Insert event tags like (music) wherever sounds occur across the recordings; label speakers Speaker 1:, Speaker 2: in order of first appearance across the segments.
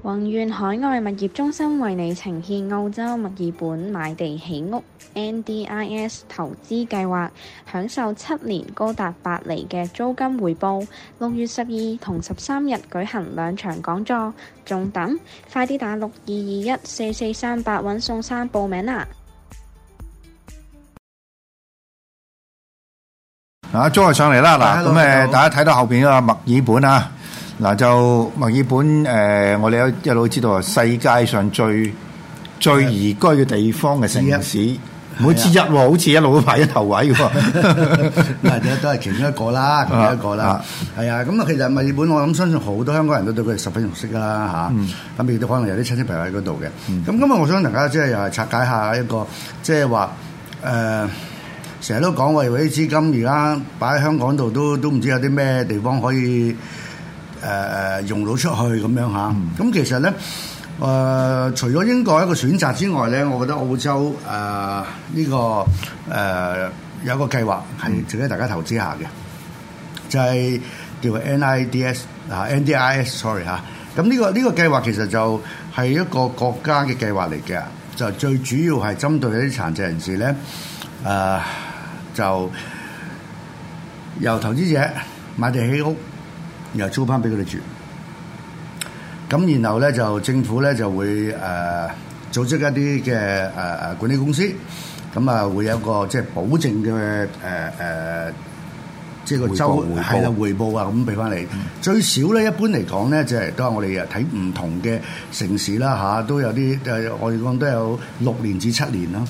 Speaker 1: 宏願海外物業中心為你呈現澳洲墨爾本買地起屋 NDIS 投資計劃，享受七年高達八厘嘅租金回報。六月十二同十三日舉行兩場講座，仲等？快啲打六二二一四四三八揾宋生報名啦！啊，鐘係上嚟啦，嗱，咁誒，大家睇到後邊呢個墨爾本啊。嗱就墨爾本誒，我哋有一路知道啊，世界上最最宜居嘅地方嘅城市，唔好之一喎，好似一路都排一頭位喎！ (laughs) (laughs) 都都係其中一個啦，其中一個啦。係啊，咁啊，其實墨爾本我諗相信好多香港人都對佢十分熟悉啦嚇。咁、嗯、亦都可能有啲親戚朋友喺嗰度嘅。咁咁啊，今日我想大家即係又係拆解一下一個，即係話誒，成、呃、日都講話，如果啲資金而家擺喺香港度，都都唔知道有啲咩地方可以。誒、呃、用到出去咁樣下咁、嗯、其實咧、呃，除咗英國一個選擇之外咧，我覺得澳洲誒呢、呃呢個誒、呃、有個計劃係值得大家投資下嘅，嗯、就係叫做 NIDS 啊，NDIS，sorry 嚇，咁呢、呢個呢、呢個計劃其實就係一個國家嘅計劃嚟嘅，就最主要係針對一啲殘疾人士咧，誒、呃、就由投資者買地起屋。然後租翻俾佢哋住，咁然後咧就政府咧就會誒、呃、組織一啲嘅誒管理公司，咁啊會有個個即係保證嘅誒誒，即、呃、係、就是、個週係啦回報啊咁俾翻你。最少咧一般嚟講咧就係都係我哋啊睇唔同嘅城市啦吓，都有啲誒我哋講都有六年至七年啦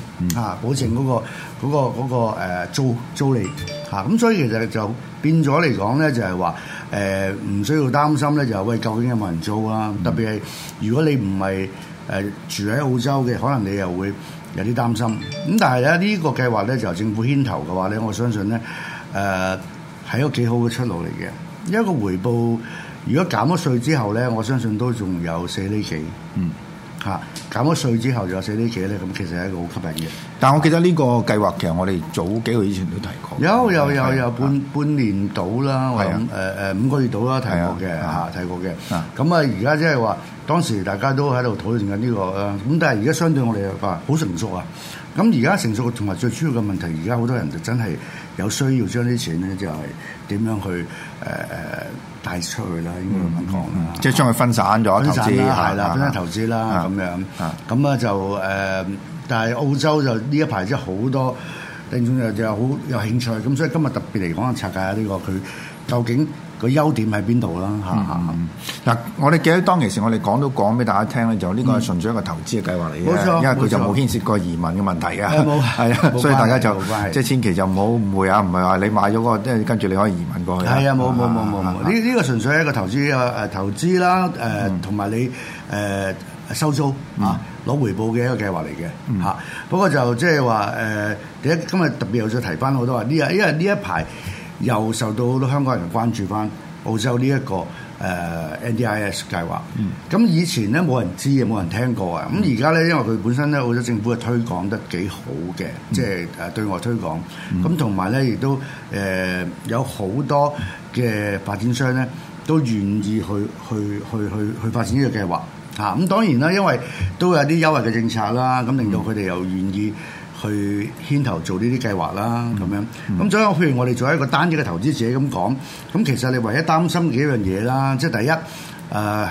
Speaker 1: 保證嗰、那個嗰、嗯那個嗰、那個那個、租租利吓，咁、嗯，所以其實就變咗嚟講咧就係、是、話。誒、呃、唔需要擔心咧，就係喂究竟有冇人租啊？嗯、特別係如果你唔係、呃、住喺澳洲嘅，可能你又會有啲擔心。咁、嗯、但係咧呢、呢個計劃咧就由政府牽頭嘅話咧，我相信咧誒係一個幾好嘅出路嚟嘅。一個回報，如果減咗稅之後咧，我相信都仲有四釐幾。嗯。嚇，減咗稅之後就有寫啲嘢咧，咁其實係一個好吸引嘅。但係我記得呢個計劃其實我哋早幾個月以前都提過。有有有有半、啊、半年到啦，或、啊呃、五個月到啦，提過嘅嚇，提過嘅。咁啊而家即係話當時大家都喺度討論緊、這、呢個啦。咁但係而家相對我哋話好成熟啊。咁而家成熟同埋最主要嘅問題，而家好多人就真係有需要將啲錢咧，就係點樣去誒誒。呃派出去啦，應該咁講啦。即係將佢分散咗投資，係啦，分散投資啦咁樣。咁啊就誒、呃，但係澳洲就呢一排即係好多。丁總又又好有興趣，咁所以今日特別嚟講，拆解下呢個佢究竟個優點喺邊度啦嚇。嗱、嗯嗯，我哋記得當其時我們，我哋講都講俾大家聽咧，就呢個係純粹一個投資嘅計劃嚟嘅、嗯，因為佢就冇牽涉過移民嘅問題啊。哎、係啊，所以大家就即係、就是、千祈就唔好誤會啊，唔係話你買咗嗰、那個，即係跟住你可以移民過去。係、哎、啊，冇冇冇冇呢呢個純粹係一個投資啊誒投資啦誒，同、啊、埋、嗯、你誒。啊收租啊，攞、嗯、回報嘅一個計劃嚟嘅嚇。不過就即係話誒，第、呃、一今日特別又再提翻，好多話呢一，因為呢一排又受到好多香港人關注翻澳洲呢、這、一個誒、呃、NDIS 計劃。咁、嗯、以前咧冇人知，冇人聽過啊。咁而家咧，因為佢本身咧，澳洲政府係推廣得幾好嘅，即係誒對外推廣。咁同埋咧，亦都誒、呃、有好多嘅發展商咧，都願意去去去去去發展呢個計劃。嚇！咁當然啦，因為都有啲優惠嘅政策啦，咁令到佢哋又願意去牽頭做呢啲計劃啦，咁、嗯嗯、樣。咁所以，譬如我哋做一個單一嘅投資者咁講，咁其實你唯一擔心幾樣嘢啦，即係第一，誒、呃、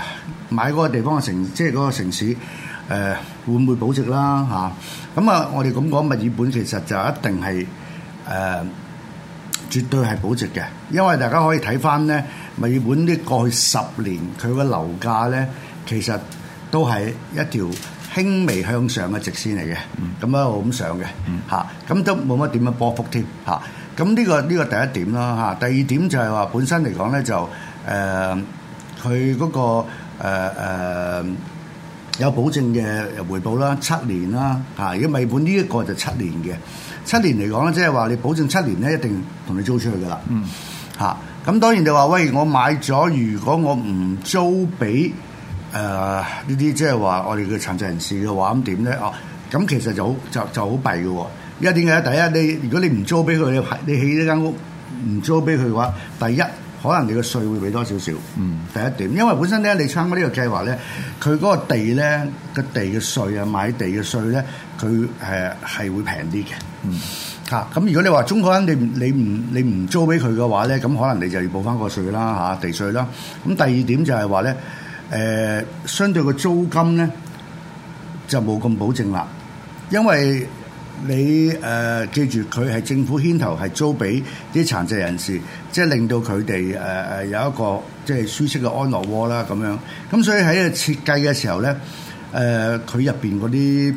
Speaker 1: 買嗰個地方嘅城，即係嗰個城市誒、呃、會唔會保值啦？嚇！咁啊，我哋咁講墨爾本其實就一定係誒、呃、絕對係保值嘅，因為大家可以睇翻咧墨爾本啲過去十年佢嘅樓價咧，其實都係一條輕微向上嘅直線嚟嘅，咁咧我咁上嘅，嚇、嗯、咁都冇乜點樣波幅添。嚇，咁呢個呢個第一點啦。嚇，第二點就係話本身嚟講咧就誒佢嗰個誒、呃呃、有保證嘅回報啦，七年啦嚇，如果未本呢一個就七年嘅七年嚟講咧，即係話你保證七年咧一定同你租出去噶啦，嚇、嗯、咁當然就話喂我買咗，如果我唔租俾。誒呢啲即係話我哋嘅殘疾人士嘅話咁點咧？咁、哦、其實就好就就好弊嘅而家點解咧？第一，你如果你唔租俾佢，你起呢間屋唔租俾佢嘅話，第一可能你嘅稅會俾多少少。嗯，第一點，因為本身咧你參加呢個計劃咧，佢嗰個地咧個地嘅稅啊，買地嘅稅咧，佢係會平啲嘅。嗯、啊，咁如果你話中國人你唔你唔你唔租俾佢嘅話咧，咁可能你就要補翻個稅啦、啊、地稅啦。咁、嗯、第二點就係話咧。誒，相對個租金咧就冇咁保證啦，因為你誒、呃、記住佢係政府牽頭，係租俾啲殘疾人士，即、就、係、是、令到佢哋誒誒有一個即係舒適嘅安樂窩啦咁樣。咁所以喺個設計嘅時候咧，誒佢入邊嗰啲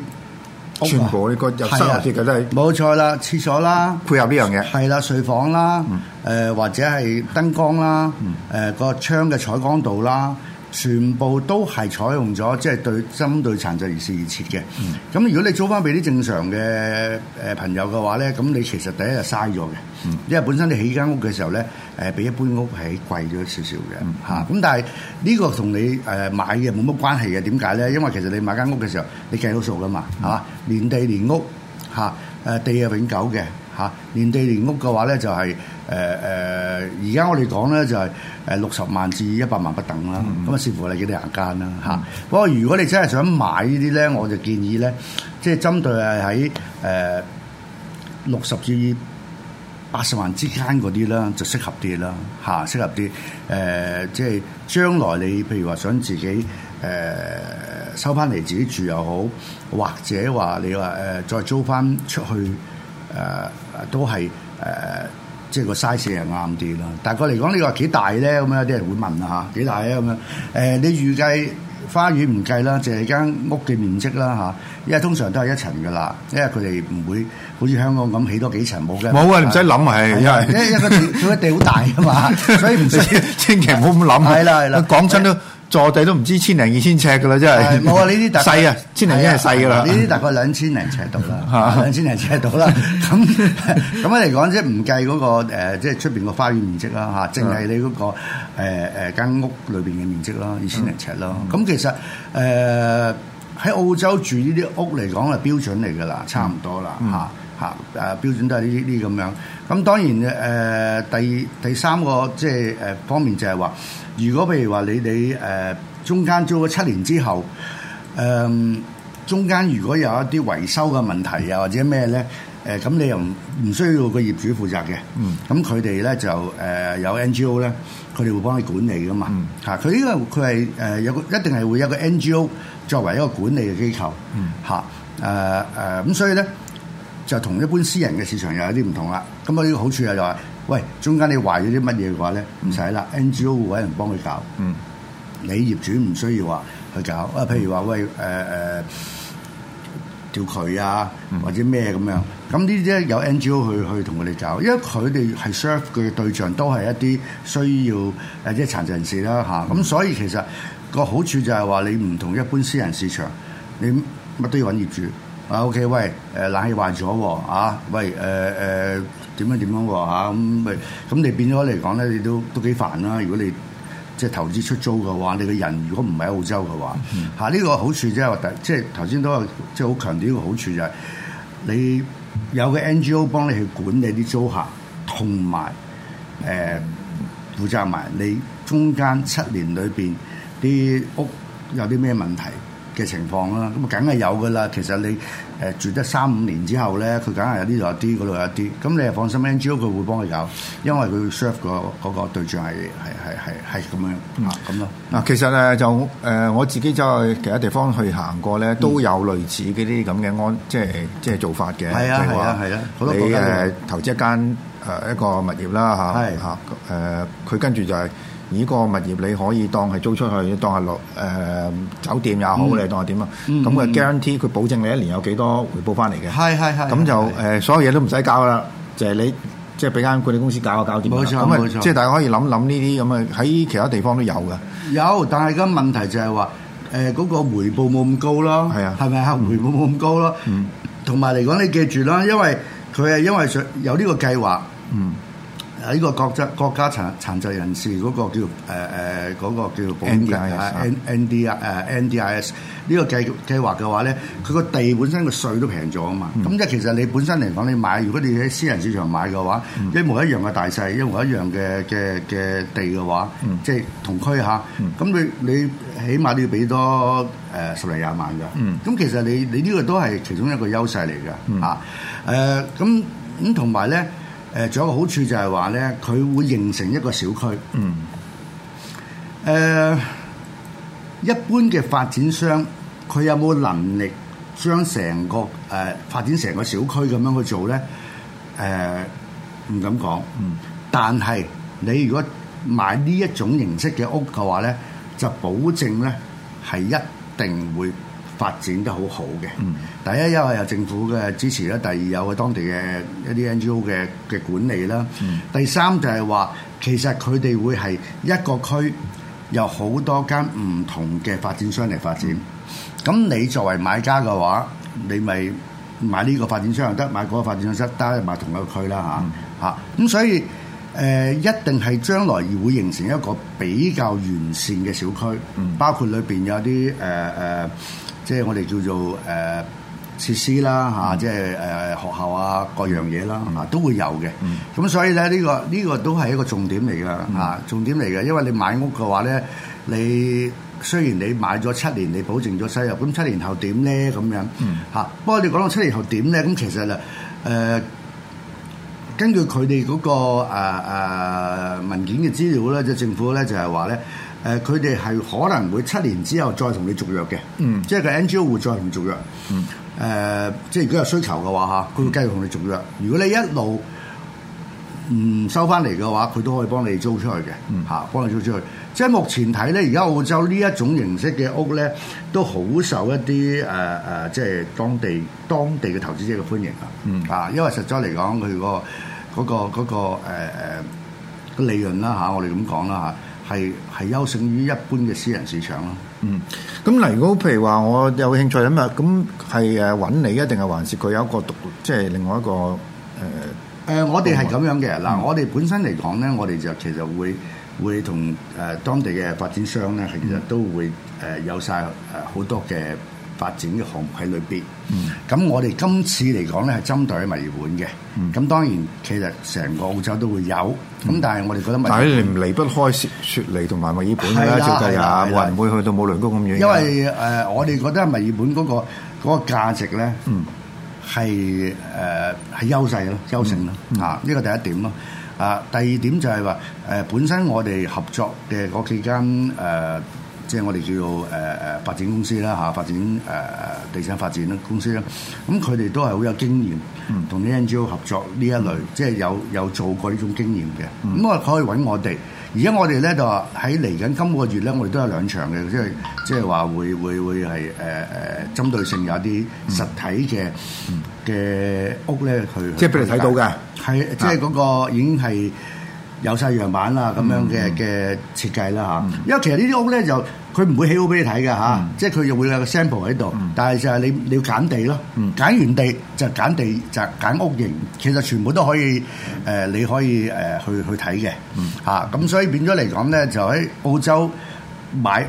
Speaker 1: 全部嘅、啊、個生活設施都係冇、啊、錯啦，廁所啦，配合呢樣嘢，係啦、啊，睡房啦，誒、嗯呃、或者係燈光啦，誒、嗯、個、呃、窗嘅採光度啦。全部都係採用咗即係對針對殘疾人士而設嘅。咁、嗯、如果你租翻俾啲正常嘅誒朋友嘅話咧，咁你其實第一日嘥咗嘅，因為本身你起間屋嘅時候咧誒比一般屋係貴咗少少嘅嚇。咁、嗯嗯、但係呢個同你誒買嘅冇乜關係嘅。點解咧？因為其實你買間屋嘅時候，你計到數噶嘛，係、嗯、嘛？連地連屋嚇誒地係永久嘅嚇，連地連屋嘅話咧就係、是。誒、呃、誒，而家我哋講咧就係誒六十萬至一百萬不等啦，咁、嗯、啊視乎你幾多人間啦嚇。不、嗯、過如果你真係想買呢啲咧，我就建議咧，即、就、係、是、針對係喺誒六十至八十萬之間嗰啲啦，就適合啲啦嚇，適合啲。誒即係將來你譬如話想自己誒、呃、收翻嚟自己住又好，或者話你話誒再租翻出去誒、呃、都係誒。呃即係個 size 係啱啲啦，但係佢嚟講，你話幾大咧？咁樣有啲人會問啊嚇，幾大啊？咁樣誒，你預計花園唔計啦，淨係間屋嘅面積啦嚇，因為通常都係一層噶啦，因為佢哋唔會好似香港咁起多幾層，冇嘅。冇啊，唔使諗係，因為因為一個地好大㗎嘛，所以唔使千祈唔好咁諗。係啦係啦，講真都。坐地都唔知千零二千尺噶啦，真係。冇啊，呢啲細啊，千零一係細噶啦。呢啲大概兩千零尺度啦，兩 (laughs) 千零尺度啦。咁咁樣嚟講，即係唔計嗰個、呃、即係出邊個花園、呃呃、面積啦，嚇，淨係你嗰個誒誒間屋裏邊嘅面積咯，二千零尺咯。咁其實誒喺、呃、澳洲住呢啲屋嚟講係標準嚟噶啦，差唔多啦，嚇、 (laughs) 嗯。嚇、啊！誒、啊、標準都係呢啲咁樣。咁當然誒、呃、第第三個即係誒、呃、方面就係話，如果譬如話你哋誒、呃、中間租咗七年之後，誒、呃、中間如果有一啲維修嘅問題又或者咩咧？誒、呃、咁你又唔需要個業主負責嘅。嗯。咁佢哋咧就誒、呃、有 NGO 咧，佢哋會幫你管理噶嘛。嗯、啊。佢呢個佢係誒有個一定係會有個 NGO 作為一個管理嘅機構。嗯、啊。嚇、呃！誒誒咁所以咧。就同一般私人嘅市場又有啲唔同啦。咁啊，呢個好處就係、是，喂，中間你壞咗啲乜嘢嘅話咧，唔使啦，NGO 會揾人幫佢搞。嗯、mm.，你業主唔需要話去搞。啊，譬如話，喂，誒、呃、誒，條、呃、渠啊，mm. 或者咩咁樣。咁呢啲咧有 NGO 去去同佢哋搞，因為佢哋係 serve 佢嘅對象都係一啲需要誒即係殘疾人士啦嚇。咁、mm. 所以其實個好處就係、是、話，你唔同一般私人市場，你乜都要揾業主。啊 OK，喂，誒、呃、冷氣壞咗喎、啊，喂，誒誒點樣點樣喎嚇？咁咪咁你變咗嚟講咧，你都都幾煩啦、啊。如果你即係投資出租嘅話，你個人如果唔喺澳洲嘅話，嚇呢個好處即係話即係頭先都有，即係好強調一個好處就係、就係、你有個 NGO 幫你去管理啲租客，同埋誒負責埋你中間七年裏邊啲屋有啲咩問題。嘅情況啦，咁啊梗係有噶啦。其實你住得三五年之後咧，佢梗係有呢度有啲，嗰度有一啲。咁你放心 NGO 佢會幫佢有，因為佢 serve 個對象係係咁樣咁咯。嗱、嗯，其實誒就、呃、我自己走去其他地方去行過咧，都有類似嗰啲咁嘅安，嗯、即係即係做法嘅。係啊係、就是、啊好、啊啊啊、多國家都投資一間、呃、一個物業啦佢跟住就係、是。呢個物業你可以當係租出去，當係落誒酒店也好，嗯、你當係點啊？咁、嗯、佢、嗯、guarantee 佢保證你一年有幾多少回報翻嚟嘅。係係係。咁、嗯嗯、就誒、嗯、所有嘢都唔使交啦，就係、是、你即係俾間管理公司搞啊搞掂。冇錯冇錯。即係、就是、大家可以諗諗呢啲咁嘅喺其他地方都有嘅。有，但係而家問題就係話誒嗰個回報冇咁高咯。係啊，係咪啊？回報冇咁高咯。同埋嚟講，你記住啦，因為佢係因為有呢個計劃。嗯。喺呢個國質國家殘殘疾人士嗰個叫誒誒嗰個叫保介啊，N N D 啊、uh, 誒 N D I S 呢個計計劃嘅話咧，佢個地本身個稅都平咗啊嘛。咁即係其實你本身嚟講，你買如果你喺私人市場買嘅話、嗯，一模一樣嘅大細，一模一樣嘅嘅嘅地嘅話，即、嗯、係、就是、同區嚇。咁、嗯、你你起碼都要俾多誒、呃、十零廿萬嘅。咁、嗯、其實你你呢個都係其中一個優勢嚟嘅嚇。誒咁咁同埋咧。啊誒仲有個好處就係話咧，佢會形成一個小區。嗯、呃。誒，一般嘅發展商佢有冇能力將成個誒、呃、發展成個小區咁樣去做咧？誒、呃，唔敢講。嗯。但係你如果買呢一種形式嘅屋嘅話咧，就保證咧係一定會發展得好好嘅，第一因為有政府嘅支持啦，第二有當地嘅一啲 NGO 嘅嘅管理啦，第三就係話其實佢哋會係一個區有好多間唔同嘅發展商嚟發展，咁、嗯、你作為買家嘅話，你咪買呢個發展商又得，買嗰個發展商又得，買買同一個區啦，嚇嚇咁，所以、呃、一定係將來會形成一個比較完善嘅小區，嗯、包括裏邊有啲誒誒即係我哋叫做誒設施啦嚇，嗯、即係誒學校啊各樣嘢啦，嗱、嗯、都會有嘅。咁、嗯、所以咧、呢個，呢、呢個呢個都係一個重點嚟㗎嚇，嗯、重點嚟嘅。因為你買屋嘅話咧，你雖然你買咗七年，你保證咗收入，咁七年後點咧咁樣嚇？樣嗯、不過你講到七年後點咧，咁其實誒、呃、根據佢哋嗰個誒、呃、文件嘅資料咧，就政府咧就係話咧。誒，佢哋係可能會七年之後再同你續約嘅，嗯，即係個 NGO 會再同、嗯呃、你續約，嗯，誒，即係如果有需求嘅話嚇，佢會繼續同你續約。如果你一路唔、嗯、收翻嚟嘅話，佢都可以幫你租出去嘅，嗯，嚇，幫你租出去。即係目前睇咧，而家澳洲呢一種形式嘅屋咧，都好受一啲誒誒，即係當地當地嘅投資者嘅歡迎啊，嗯，啊，因為實際嚟講，佢嗰、個嗰、個嗰、個、呃、嘅利潤啦嚇，我哋咁講啦嚇。係係優勝於一般嘅私人市場咯。嗯，咁嗱，如果譬如話我有興趣咁啊，咁係誒揾你啊，定係還是佢有一個獨，即係另外一個誒？誒，呃呃，我哋係咁樣嘅。嗱，我哋本身嚟講咧，我哋就其實會會同誒當地嘅發展商咧，其實都會誒有晒誒好多嘅。發展嘅項目喺裏邊，咁、嗯、我哋今次嚟講咧係針對喺墨爾本嘅，咁、嗯、當然其實成個澳洲都會有，咁、嗯、但係我哋覺得，但係你唔離不開雪雪梨同埋墨爾本啦、啊，絕對也，冇人會會去到臥龍崗咁遠。因為、呃、我哋覺得墨爾本嗰、那個那個價值咧，係誒係優勢咯，優勝咯、嗯嗯，啊呢、這個第一點咯、啊，啊第二點就係話、呃、本身我哋合作嘅嗰幾間、呃即係我哋叫做誒誒、呃、發展公司啦嚇，發展誒、呃、地產發展公司啦。咁佢哋都係好有經驗，同、嗯、啲 NGO 合作呢一類，嗯、即係有有做過呢種經驗嘅。咁、嗯、我可以揾我哋。而家我哋咧就話喺嚟緊今個月咧，我哋都有兩場嘅、就是呃嗯，即係即係話會會會係誒誒針對性有啲實體嘅嘅屋咧佢即係俾你睇到嘅，係即係嗰個已經係。有晒樣板啦，咁樣嘅嘅設計啦嚇、嗯嗯，因為其實這些呢啲屋咧就佢唔會起屋俾你睇嘅嚇，即係佢又會有個 sample 喺度、嗯，但係就係你你要揀地咯，揀、嗯、完地就揀地就揀屋型，其實全部都可以誒，你可以誒去去睇嘅嚇，咁、嗯、所以變咗嚟講咧就喺澳洲買。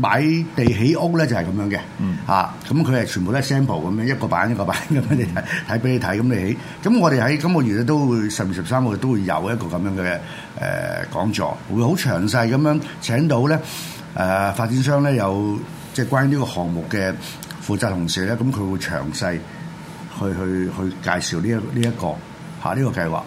Speaker 1: 買地起屋咧就係咁樣嘅，嚇咁佢係全部都 sample 咁樣一個版一個版咁、嗯、樣你睇俾你睇，咁你起。咁我哋喺今個月咧都會十月十三號都會有一個咁樣嘅誒、呃、講座，會好詳細咁樣請到咧誒、呃、發展商咧有即係、就是、關於呢個項目嘅負責同事咧，咁佢會詳細去去去介紹呢一呢一個嚇呢、啊這個計劃。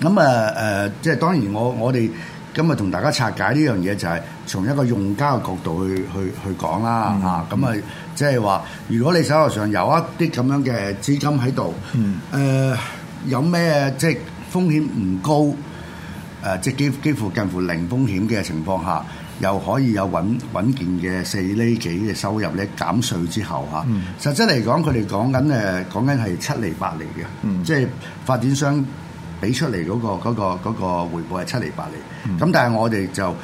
Speaker 1: 咁啊誒，即、呃、係、呃就是、當然我我哋。今日同大家拆解呢樣嘢，就係、是、從一個用家嘅角度去去去講啦嚇。咁咪即係話，如果你手頭上有一啲咁樣嘅資金喺度，誒、嗯呃、有咩即係風險唔高，誒即係基幾乎近乎零風險嘅情況下，又可以有穩穩健嘅四厘幾嘅收入咧？減稅之後嚇、啊嗯，實際嚟講，佢哋講緊誒講緊係七厘八厘嘅，即、嗯、係、就是、發展商。俾出嚟嗰、那個嗰、那個那個、回報係七釐八釐，咁、嗯、但係我哋就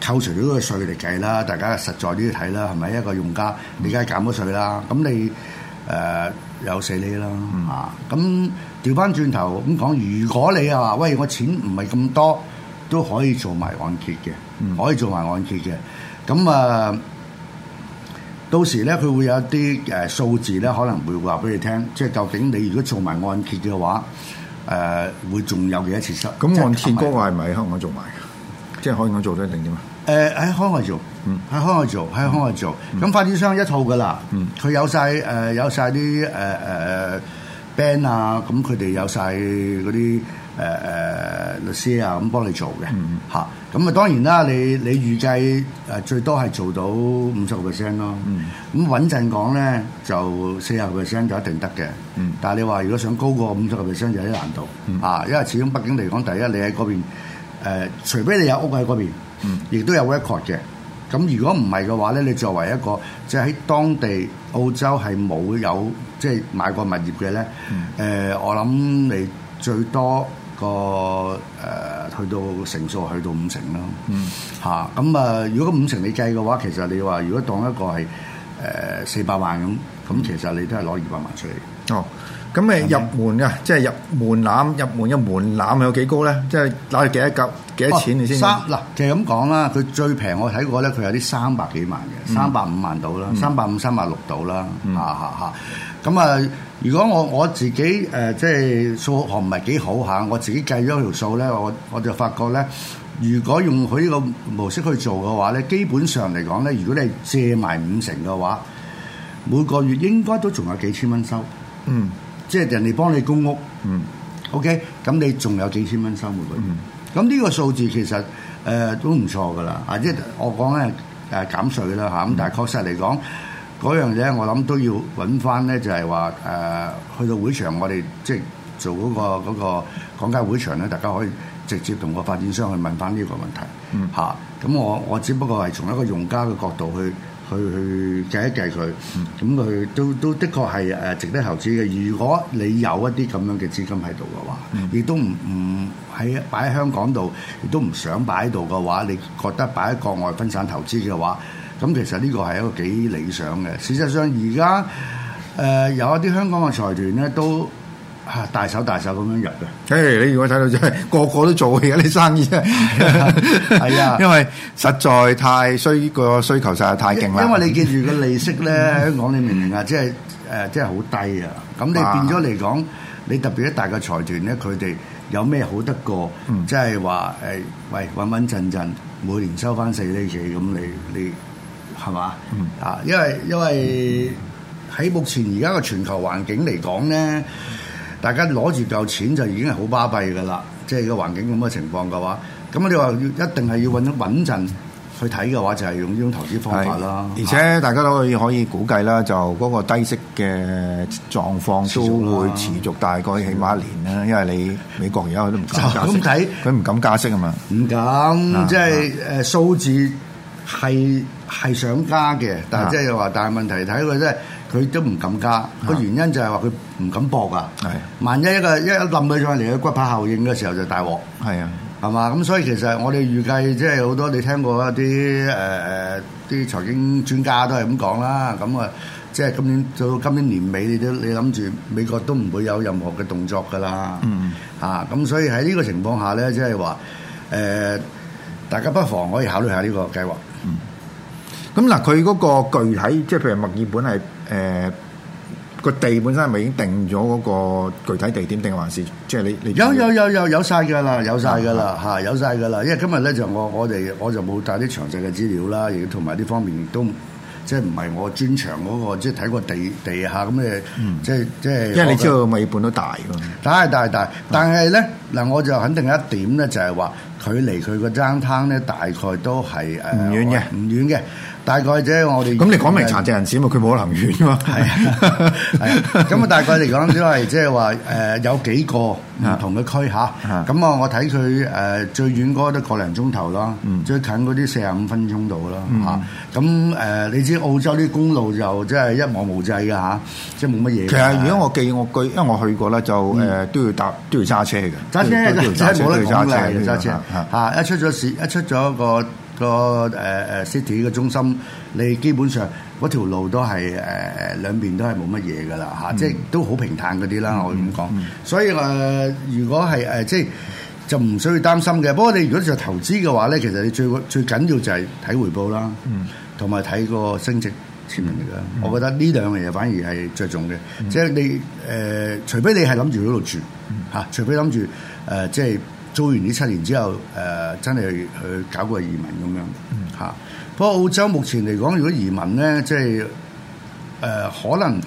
Speaker 1: 扣除咗個稅嚟計啦。大家實在都要睇啦，係咪一個用家？你梗家減咗稅啦，咁你誒、呃、有四釐啦嚇。咁調翻轉頭咁講，如果你啊，喂，我錢唔係咁多，都可以做埋按揭嘅，嗯、可以做埋按揭嘅。咁啊、呃，到時咧佢會有一啲誒、呃、數字咧，可能會話俾你聽，即係究竟你如果做埋按揭嘅話。誒、呃、會仲有幾多次失？咁按天哥話係咪喺香港做埋？即係可以我做咗一定點啊？誒喺、呃、香港做，嗯，喺香港做，喺香港做。咁發展商一套噶啦，嗯，佢有晒誒、呃、有晒啲誒誒 band 啊，咁佢哋有晒嗰啲誒誒律師啊，咁幫你做嘅，嗯咁啊，當然啦，你你預計誒最多係做到五十個 percent 咯。咁穩陣講咧，就四十個 percent 就一定得嘅。嗯、但係你話如果想高過五十個 percent，就有啲難度、嗯、啊，因為始終畢竟嚟講，第一你喺嗰邊、呃、除非你有屋喺嗰邊，亦、嗯、都有 record 嘅。咁如果唔係嘅話咧，你作為一個即係喺當地澳洲係冇有即係、就是、買過物業嘅咧，誒、嗯呃，我諗你最多個誒。呃去到成數，去到五成咯。嗯，嚇咁啊！如果五成你計嘅話，其實你話如果當一個係誒四百萬咁，咁其實你都係攞二百萬出嚟。哦，咁誒入門啊，即係入門檻，入門入門嘅門檻有幾高咧？即係攞幾多嚿幾多錢你先？三嗱，就係咁講啦，佢最平我睇過咧，佢有啲三百幾萬嘅，三百五萬到啦，三百五三百六到啦，嚇嚇嚇！咁啊～如果我我自己誒即係數學唔係幾好嚇，我自己計咗條數咧，我我就發覺咧，如果用佢呢個模式去做嘅話咧，基本上嚟講咧，如果你借埋五成嘅話，每個月應該都仲有幾千蚊收。嗯，即係人哋幫你供屋。嗯。OK，咁你仲有幾千蚊收嘅嗰啲。嗯。咁呢個數字其實誒、呃、都唔錯㗎啦。啊、就是，即係我講咧誒減稅啦嚇。咁但係確實嚟講。嗰樣嘢我諗都要揾翻咧，就係話誒去到會場我，我哋即係做嗰、嗰個嗰、嗰個、講解會場咧，大家可以直接同個發展商去問翻呢個問題。嗯、吓。咁我我只不過係從一個用家嘅角度去去去計一計佢。咁、嗯、佢都都的確係誒值得投資嘅。如果你有一啲咁樣嘅資金喺度嘅話，亦、嗯、都唔唔喺擺喺香港度，亦都唔想擺喺度嘅話，你覺得擺喺國外分散投資嘅話，咁其實呢個係一個幾理想嘅。事實上而家誒有一啲香港嘅財團咧都嚇大手大手咁樣入嘅。誒、hey，你如果睇到就係、是、個個都做嘅啲生意啫。係啊，因為實在太需個需求實在太勁啦。因為你見住個利息咧， (laughs) 香港你明唔明啊？即係誒，即係好低啊。咁你變咗嚟講，你特別一大嘅財團咧，佢哋有咩好得過？即係話誒，喂穩穩陣陣，每年收翻四厘幾咁，你你。係嘛？啊、嗯，因為因為喺目前而家嘅全球環境嚟講咧，大家攞住嚿錢就已經係好巴閉㗎啦。即、就、係、是、個環境咁嘅情況嘅話，咁你話要一定係要揾穩陣去睇嘅話，就係用呢種投資方法啦。而且大家可以可以估計啦，就嗰個低息嘅狀況都會持續大概起碼一年啦、嗯。因為你美國而家都唔敢加息，佢唔敢加息啊嘛。唔敢，即係誒、呃、數字。係係想加嘅，但係即係又話，大問題睇佢即係佢都唔敢加，個、啊、原因就係話佢唔敢搏啊。係，萬一一個一個一冧佢上嚟嘅骨牌效應嘅時候就大鑊。係啊，係嘛？咁所以其實我哋預計即係好多你聽過一啲誒啲財經專家都係咁講啦。咁啊，即係今年做到今年年尾，你都你諗住美國都唔會有任何嘅動作㗎啦。嗯嗯、啊。咁所以喺呢個情況下咧，即係話誒，大家不妨可以考慮一下呢個計劃。嗯，咁嗱，佢嗰個具體，即係譬如墨爾本係誒個地本身係咪已經定咗嗰個具體地點定，還是即係你你有有有有有晒噶啦，有晒噶啦吓，有晒噶啦，因為今日咧就我我哋我就冇帶啲詳細嘅資料啦，而同埋啲方面都。即係唔係我專長嗰、那個，即係睇個地地下咁嘅，即係、嗯、即因為你知道尾盤都大嘅，大係大大，但係咧嗱，我就肯定一點咧，就係話距離佢個爭灘咧，大概都係誒唔遠嘅，唔遠嘅。呃大概即係我哋咁，你講明殘疾人士嘛，佢冇可能遠嘛。係啊，咁 (laughs) 啊，大概嚟講都係即係話，誒、就是呃、有幾個唔同嘅區嚇。咁啊，啊，啊，我睇佢誒最遠嗰都個零鐘頭啦，最近嗰啲四十五分鐘度啦。嚇、嗯。咁、啊、誒、呃，你知道澳洲啲公路就真係一望無際嘅嚇，即係冇乜嘢。其實如果我記我居，因為我去過咧，就、嗯、誒、呃、都要搭都要揸車嘅。揸嘅，揸係冇得揸車嚇一、啊、出咗事，一出咗個。那個誒誒 city 嘅中心，你基本上嗰條路都係誒誒兩邊都係冇乜嘢噶啦嚇，即係都好平坦嗰啲啦，我咁講、嗯嗯。所以話、呃、如果係誒即係就唔、係、需要擔心嘅。不過你如果做投資嘅話咧，其實你最最緊要就係睇回報啦，同埋睇個升值潛力啦。我覺得呢兩樣嘢反而係着重嘅，即、嗯、係、就係、你誒、呃、除非你係諗住喺度住嚇，除非諗住誒即係，呃就係.做完呢七年之後，誒、呃、真係去，去搞個移民咁樣嚇、嗯。不過澳洲目前嚟講，如果移民咧，即係誒、呃、可能，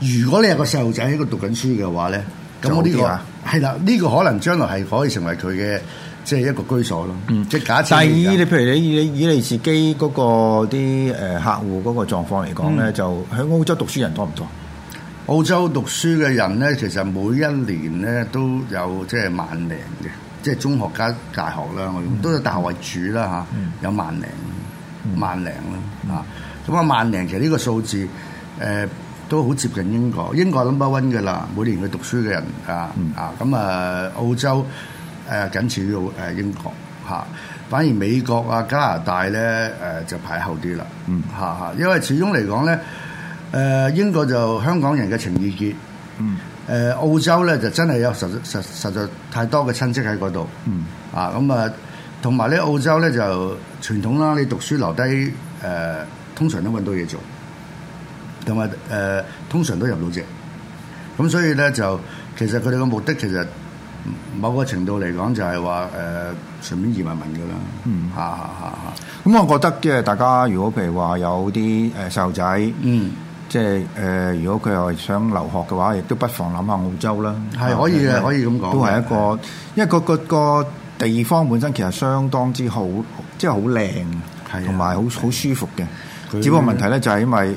Speaker 1: 如果你係個細路仔喺度讀緊書嘅話咧，咁、嗯、我呢、呢個係啦，呢、嗯呢個可能將來係可以成為佢嘅即係一個居所咯、嗯。即係假設。但係以，你譬如你以以你自己嗰個啲誒、呃、客戶嗰個狀況嚟講咧，就喺澳洲讀書人多唔多？澳洲讀書嘅人咧，其實每一年咧都有即係萬零嘅。即係中學加大學啦，我用都有大學為主啦嚇、嗯，有萬零、嗯、萬零啦嚇。咁、嗯、啊萬零其實呢個數字誒、呃、都好接近英國，英國 number one 嘅啦，每年佢讀書嘅人啊、嗯、啊咁啊澳洲誒、呃、僅次於誒英國嚇、啊，反而美國啊加拿大咧誒、呃、就排後啲啦嚇嚇，因為始終嚟講咧誒、呃、英國就香港人嘅情意結。嗯誒澳洲咧就真係有實實實在太多嘅親戚喺嗰度，啊咁啊，同埋咧澳洲咧就傳統啦，你讀書留低誒，通常都揾到嘢做，同埋誒通常都入到籍，咁所以咧就其實佢哋嘅目的其實某個程度嚟講就係話誒順便移民民噶啦，嚇嚇嚇嚇。咁、嗯啊啊啊、我覺得即係大家如果譬如話有啲誒細路仔，嗯。即係誒、呃，如果佢又想留學嘅話，亦都不妨諗下澳洲啦。係可以嘅，可以咁講，都係一個，因為、嗰個、嗰個地方本身其實相當之好，即係好靚，同埋好好舒服嘅。只不過問題咧就係因為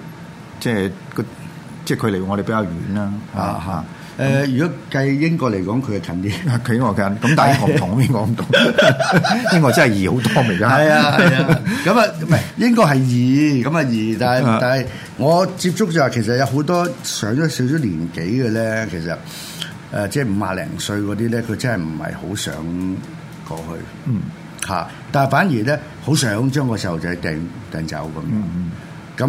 Speaker 1: 即係個即係距離我哋比較遠啦。嚇嚇。誒、嗯，如果計英國嚟講，佢係近啲，佢英國近。咁但係我同邊講到？英國真係易好多味啦。係啊，係啊。咁啊，唔係英國係易，咁啊易。但係 (laughs) 但係，我接觸就係、是、其實有好多上咗少少年紀嘅咧，其實誒，即、呃、係、就是、五啊零歲嗰啲咧，佢真係唔係好想過去。吓、嗯，但係反而咧，好想將個細路仔掟掟走咁。嗯嗯。咁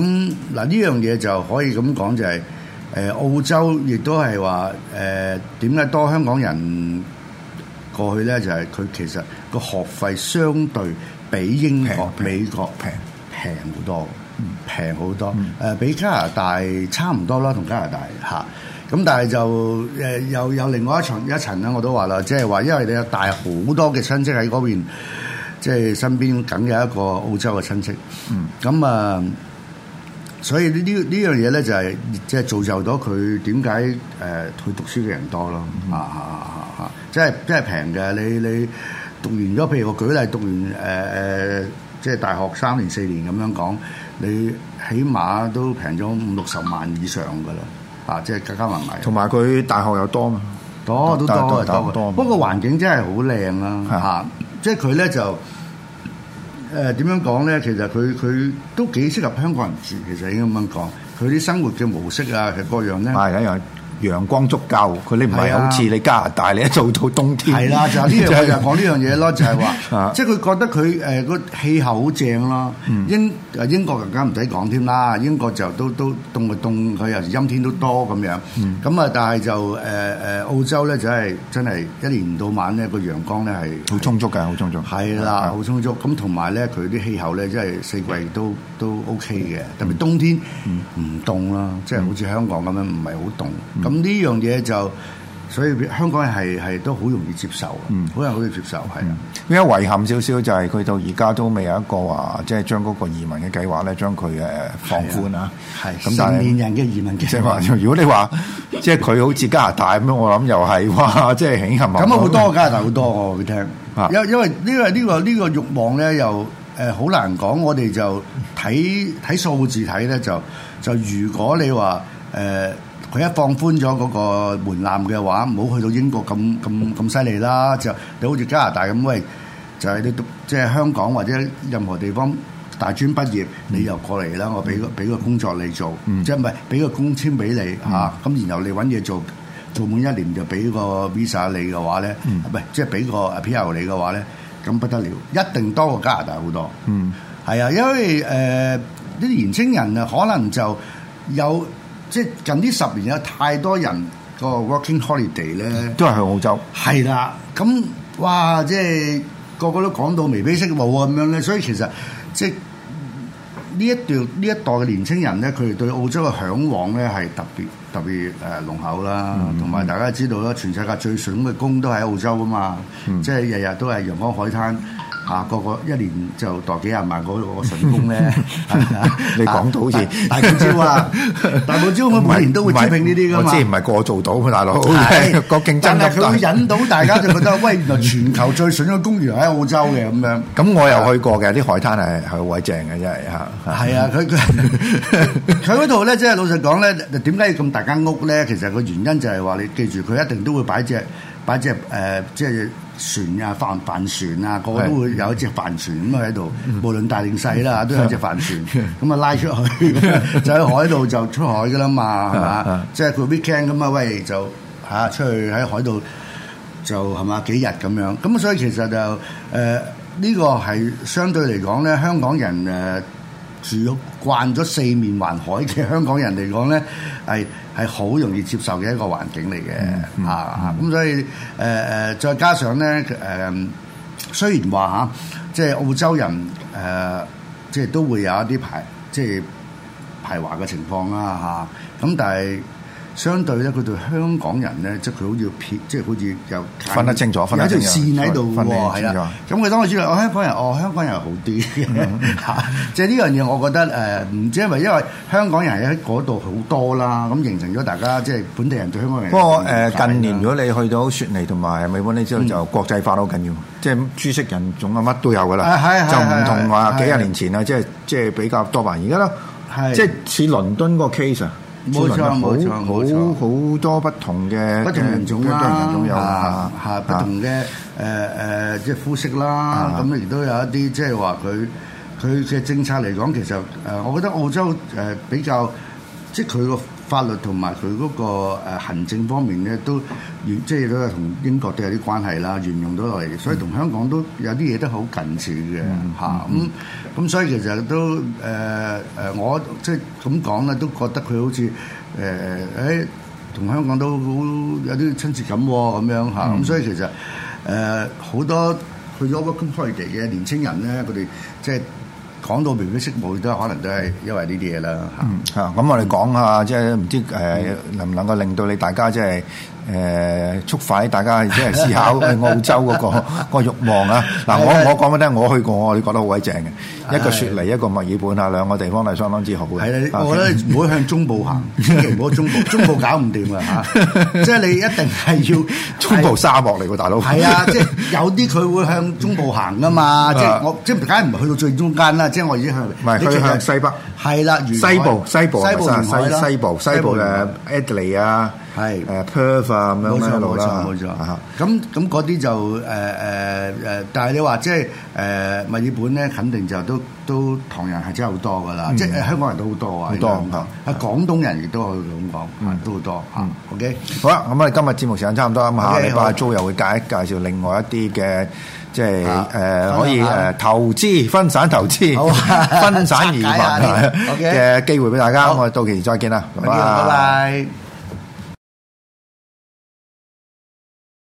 Speaker 1: 嗱，呢樣嘢就可以咁講、就是，就係。誒，澳洲亦都係話誒，點解多香港人過去咧？就係、是、佢其實個學費相對比英國、美國平平好多，平、嗯、好多誒、嗯，比加拿大差唔多啦，同加拿大嚇。咁但係就誒又有另外一層一層咧，我都話啦，即係話因為你有大好多嘅親戚喺嗰邊，即、就、係、是、身邊梗有一個澳洲嘅親戚，咁、嗯、啊。所以呢呢呢樣嘢咧就係即係造就咗佢點解誒去讀書嘅人多咯啊啊啊啊，啊，啊！即係即係平嘅，你你讀完咗，譬如我舉例讀完誒誒、呃，即係大學三年四年咁樣講，你起碼都平咗五六十萬以上噶啦，啊！即係加加埋埋。同埋佢大學又多嘛，多都，都多，多，是多，多不過環境真係好靚啦，嚇、啊！即係佢咧就。誒、呃，點樣講咧？其實佢佢都幾適合香港人住，其實應該咁樣講，佢啲生活嘅模式啊，其實各樣咧。係一樣。陽光足夠，佢你唔係好似你加拿大，你一做到冬天。係啦、啊，就呢、是這個、 (laughs) 就就講呢樣嘢咯，就係、是、話，即係佢覺得佢誒個氣候好正咯、嗯。英英國更加唔使講添啦，英國就都都凍咪凍，佢有時陰天都多咁樣。咁、嗯、啊，但係就誒誒、呃、澳洲咧，就係真係一年到晚咧個陽光咧係好充足嘅，好充足係啦，好充足。咁同埋咧，佢啲氣候咧，即係四季都都 OK 嘅，特、嗯、埋冬天唔凍啦，即、嗯、係、就是、好似香港咁樣，唔係好凍。咁呢樣嘢就，所以香港人係係都好容易、嗯、容易接受，嗯，好容易接受，係啊。唯一遺憾少少就係佢到而家都未有一個話，即、就、係、是、將嗰個移民嘅計劃咧，將佢放寬啊。咁成年人嘅移民嘅，即係如果你話，即係佢好似加拿大咁樣，我諗又係哇，即係吸咁啊，會 (laughs) 多加拿大好多我聽、嗯。因因為、呢個呢個呢個、望呢個呢個呢望咧，又好、呃、難講。我哋就睇睇數字睇咧，就就如果你話佢一放寬咗嗰個門檻嘅話，唔好去到英國咁咁咁犀利啦。就你好似加拿大咁，喂，就係、是、你讀即係香港或者任何地方大專畢業，你又過嚟啦，我俾個俾個工作你做，即係唔係俾個工簽俾你吓？咁、嗯啊、然後你揾嘢做做滿一年就俾個 Visa 你嘅話咧，唔係即係俾個 PR 你嘅話咧，咁不得了，一定多過加拿大好多。嗯，係啊，因為誒啲、呃、年青人啊，可能就有。即係近呢十年有太多人個 working holiday 咧，都係去澳洲。係啦，咁哇！即係個個都講到眉飛色舞咁樣咧，所以其實即係呢一段呢一代嘅年青人咧，佢哋對澳洲嘅向往咧係特別特別誒濃厚啦。同、嗯、埋、嗯嗯、大家知道啦，全世界最筍嘅工都喺澳洲啊嘛，嗯嗯即係日日都係陽光海灘。啊！個個一年就度幾廿萬嗰個筍工咧，你講到好似大澳招啊！大澳招我每年都會招聘呢啲噶嘛。我知唔係個個做到嘅，大澳個競爭都大。但係佢會引到大家就覺得，喂，原來全球最筍嘅公園喺澳洲嘅咁樣。咁我又去過嘅，啲海灘係係好鬼正嘅真係嚇。係啊，佢佢佢嗰度咧，即係老實講咧，點解要咁大間屋咧？其實個原因就係話，你記住，佢一定都會擺隻。擺隻誒即係船啊，帆帆船啊，個個都會有一隻帆船咁啊喺度，無論大定細啦，都有一隻帆船咁啊 (laughs) 拉出去， (laughs) 就喺海度就出海㗎啦嘛，係嘛？即係佢 weekend 㗎嘛，喂就嚇、是、出去喺海度就係嘛幾日咁樣，咁所以其實就誒呢、呃這個係相對嚟講咧，香港人誒。呃住咗慣咗四面環海嘅香港人嚟講咧，係係好容易接受嘅一個環境嚟嘅嚇，咁、嗯嗯啊、所以誒誒、呃，再加上咧誒、呃，雖然話嚇，即、啊、係、就是、澳洲人誒，即、啊、係、就是、都會有一啲排即係、就是、排華嘅情況啦嚇，咁、啊、但係，相對咧，佢對香港人咧，即係佢好似撇，即係好似有有一條線喺度喎，係啦。咁佢、嗯、當我知道，我、哦、香港人，我、哦、香港人好啲即係呢樣嘢， (laughs) (laughs) 我覺得誒，唔知係咪因為香港人喺嗰度好多啦，咁形成咗大家即係、就是、本地人對香港人。不過誒、呃，近年如果你去到雪梨同埋美邦咧，之後就國際化好緊要，即、嗯、係、就是、珠色人種啊，乜都有噶啦。就唔同話幾十年前啦，即係即係比較多吧。而家咧，即係似倫敦嗰 case 啊。冇錯，冇錯，冇錯，好多不同嘅人種啦，嚇，不同嘅誒誒，即係膚色啦，咁亦都有一啲即係話佢佢嘅政策嚟講，其實誒，我覺得澳洲誒比較即係佢個。法律同埋佢嗰個行政方面咧，都即係都係同英國都有啲關係啦，沿用到落嚟嘅，所以同香港都有啲嘢都好近似嘅嚇。咁、嗯、咁、嗯、所以其實都誒誒，我即係咁講咧，都覺得佢好似誒誒，誒、哎、同香港都好有啲親切感喎，咁樣嚇。咁所以其實誒好多去咗嗰個 working holiday 嘅年青人咧，佢哋即係。講到表面色務，都可能都係因為呢啲嘢啦吓吓，咁、嗯、我哋講下，即係唔知誒，能唔能夠令到你大家即係。誒，速快大家即係思考澳洲嗰個個慾望啊！嗱，我我講乜咧？我去過，我覺得好鬼正嘅。一個雪梨，一個墨爾本啊，兩個地方係相當之好嘅。係啦，我覺得唔好向中部行，千祈唔好中部，中部搞唔掂嘅嚇。即係你一定係要中部沙漠嚟喎，大佬。係啊，即係有啲佢會向中部行嘅嘛。即係我即係唔緊唔係去到最中間啦。即係我已經向嚟。唔係佢向西北。係啦，西部西部西部沿海啦。西部西部誒，Adelaide 啊。係誒 perve 啊咁樣樣咯，冇錯冇錯冇錯啊！咁咁嗰啲就誒誒誒，但係你話即係誒墨爾本咧，肯定就都都唐人係真係好多噶啦、嗯，即係香港人都好多、嗯多嗯、啊，好多咁講啊，廣東人亦都可以咁講，都好多嚇。OK，好啦，咁我哋今日節目時間差唔多啦嘛，下禮拜周又會介介紹另外一啲嘅即係誒可以誒、uh, 投資分散投資，分散移民嘅機會俾大家。我哋到時再見啦，拜拜。拜拜。